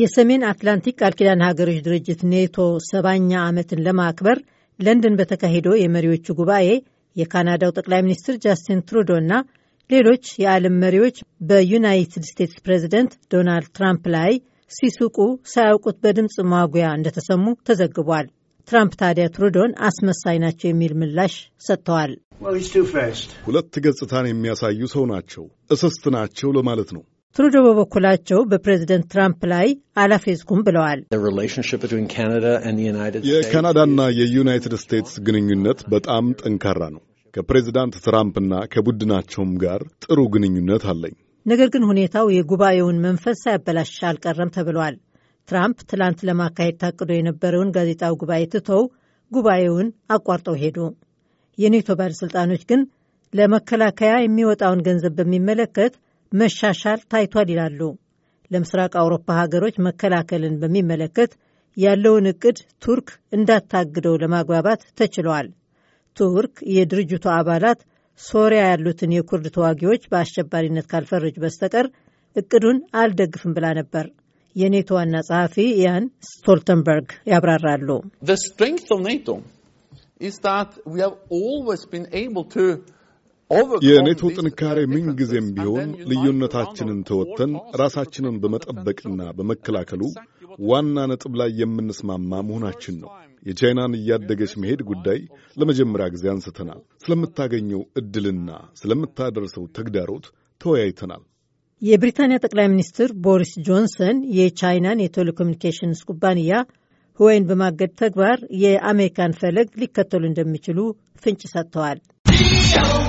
የሰሜን አትላንቲክ ቃል ኪዳን ሀገሮች ድርጅት ኔቶ ሰባኛ ዓመትን ለማክበር ለንደን በተካሄደው የመሪዎቹ ጉባኤ የካናዳው ጠቅላይ ሚኒስትር ጃስቲን ትሩዶ እና ሌሎች የዓለም መሪዎች በዩናይትድ ስቴትስ ፕሬዚደንት ዶናልድ ትራምፕ ላይ ሲስቁ ሳያውቁት በድምፅ ማጉያ እንደተሰሙ ተዘግቧል። ትራምፕ ታዲያ ትሩዶን አስመሳይ ናቸው የሚል ምላሽ ሰጥተዋል። ሁለት ገጽታን የሚያሳዩ ሰው ናቸው፣ እስስት ናቸው ለማለት ነው። ትሩዶ በበኩላቸው በፕሬዝደንት ትራምፕ ላይ አላፌዝኩም ብለዋል። የካናዳና የዩናይትድ ስቴትስ ግንኙነት በጣም ጠንካራ ነው። ከፕሬዚዳንት ትራምፕና ከቡድናቸውም ጋር ጥሩ ግንኙነት አለኝ። ነገር ግን ሁኔታው የጉባኤውን መንፈስ ሳያበላሽ አልቀረም ተብሏል። ትራምፕ ትላንት ለማካሄድ ታቅዶ የነበረውን ጋዜጣዊ ጉባኤ ትተው ጉባኤውን አቋርጠው ሄዱ። የኔቶ ባለሥልጣኖች ግን ለመከላከያ የሚወጣውን ገንዘብ በሚመለከት መሻሻል ታይቷል ይላሉ። ለምስራቅ አውሮፓ ሀገሮች መከላከልን በሚመለከት ያለውን እቅድ ቱርክ እንዳታግደው ለማግባባት ተችሏል። ቱርክ የድርጅቱ አባላት ሶሪያ ያሉትን የኩርድ ተዋጊዎች በአሸባሪነት ካልፈረጁ በስተቀር እቅዱን አልደግፍም ብላ ነበር። የኔቶ ዋና ጸሐፊ ያን ስቶልተንበርግ ያብራራሉ። የኔቶ ጥንካሬ ምንጊዜም ቢሆን ልዩነታችንን ተወጥተን ራሳችንን በመጠበቅና በመከላከሉ ዋና ነጥብ ላይ የምንስማማ መሆናችን ነው። የቻይናን እያደገች መሄድ ጉዳይ ለመጀመሪያ ጊዜ አንስተናል። ስለምታገኘው ዕድልና ስለምታደርሰው ተግዳሮት ተወያይተናል። የብሪታንያ ጠቅላይ ሚኒስትር ቦሪስ ጆንሰን የቻይናን የቴሌኮሚኒኬሽንስ ኩባንያ ህወይን በማገድ ተግባር የአሜሪካን ፈለግ ሊከተሉ እንደሚችሉ ፍንጭ ሰጥተዋል።